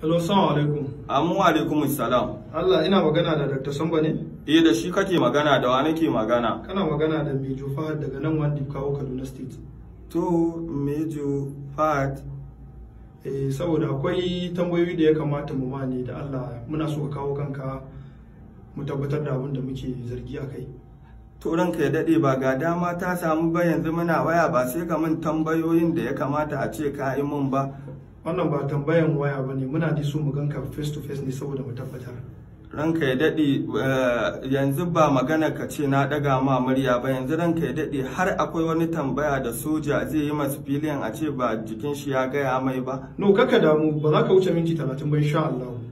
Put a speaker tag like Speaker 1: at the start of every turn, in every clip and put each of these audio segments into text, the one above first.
Speaker 1: Hello, salamu alaikum. Amin ah, wa alaikum salam. Allah ina magana da Dr. Samba ne? Eh da shi kake magana da wa nake magana?
Speaker 2: Kana magana da Mejo Fahad daga nan Wandi Kawo Kaduna State. To Mejo Fahad. Eh saboda akwai tambayoyi da ya kamata mu ne da Allah muna so ka kawo kanka mu tabbatar da abin da muke zargi a kai.
Speaker 1: To ranka ya dade ba ga dama ta samu ba yanzu muna waya ba sai ka min tambayoyin da ya kamata a ce ka yi mun ba wannan ba tambayan waya ba ne muna
Speaker 2: ji so mu ganka face to face ne saboda mu tabbatar
Speaker 1: ranka ya daɗe eh, yanzu ba magana ka ce na ɗaga ma murya ba yanzu ranka ya daɗe har akwai wani tambaya da soja zai yi masu filiyan a ce ba jikin shi ya gaya mai ba no kaka damu ba za ka wuce minti
Speaker 2: talatin ba insha Allah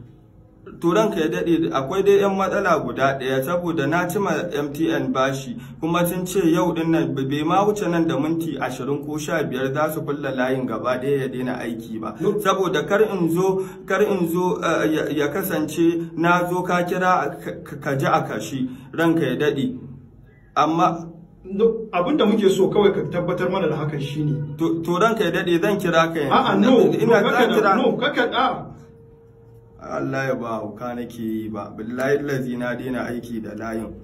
Speaker 1: turanka ya daɗe akwai dai yan matsala guda ɗaya saboda na cima mtn bashi kuma sun ce yau din nan bai ma wuce nan da minti ashirin ko sha biyar za su kulla layin gaba ɗaya ya daina aiki ba saboda kar in zo kar in zo eh, ya kasance na zo ka kira ka ji a kashi ranka ya daɗe amma abin da muke so kawai ka tabbatar mana da hakan shine to ranka ya dade zan kira ka yanzu a'a no ina zan kira no
Speaker 2: kaka a ah.
Speaker 1: Allah ya ba hauka nake yi ba billahi lazi na daina aiki da layin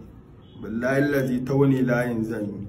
Speaker 1: billahi lazi ta wani layin zan yi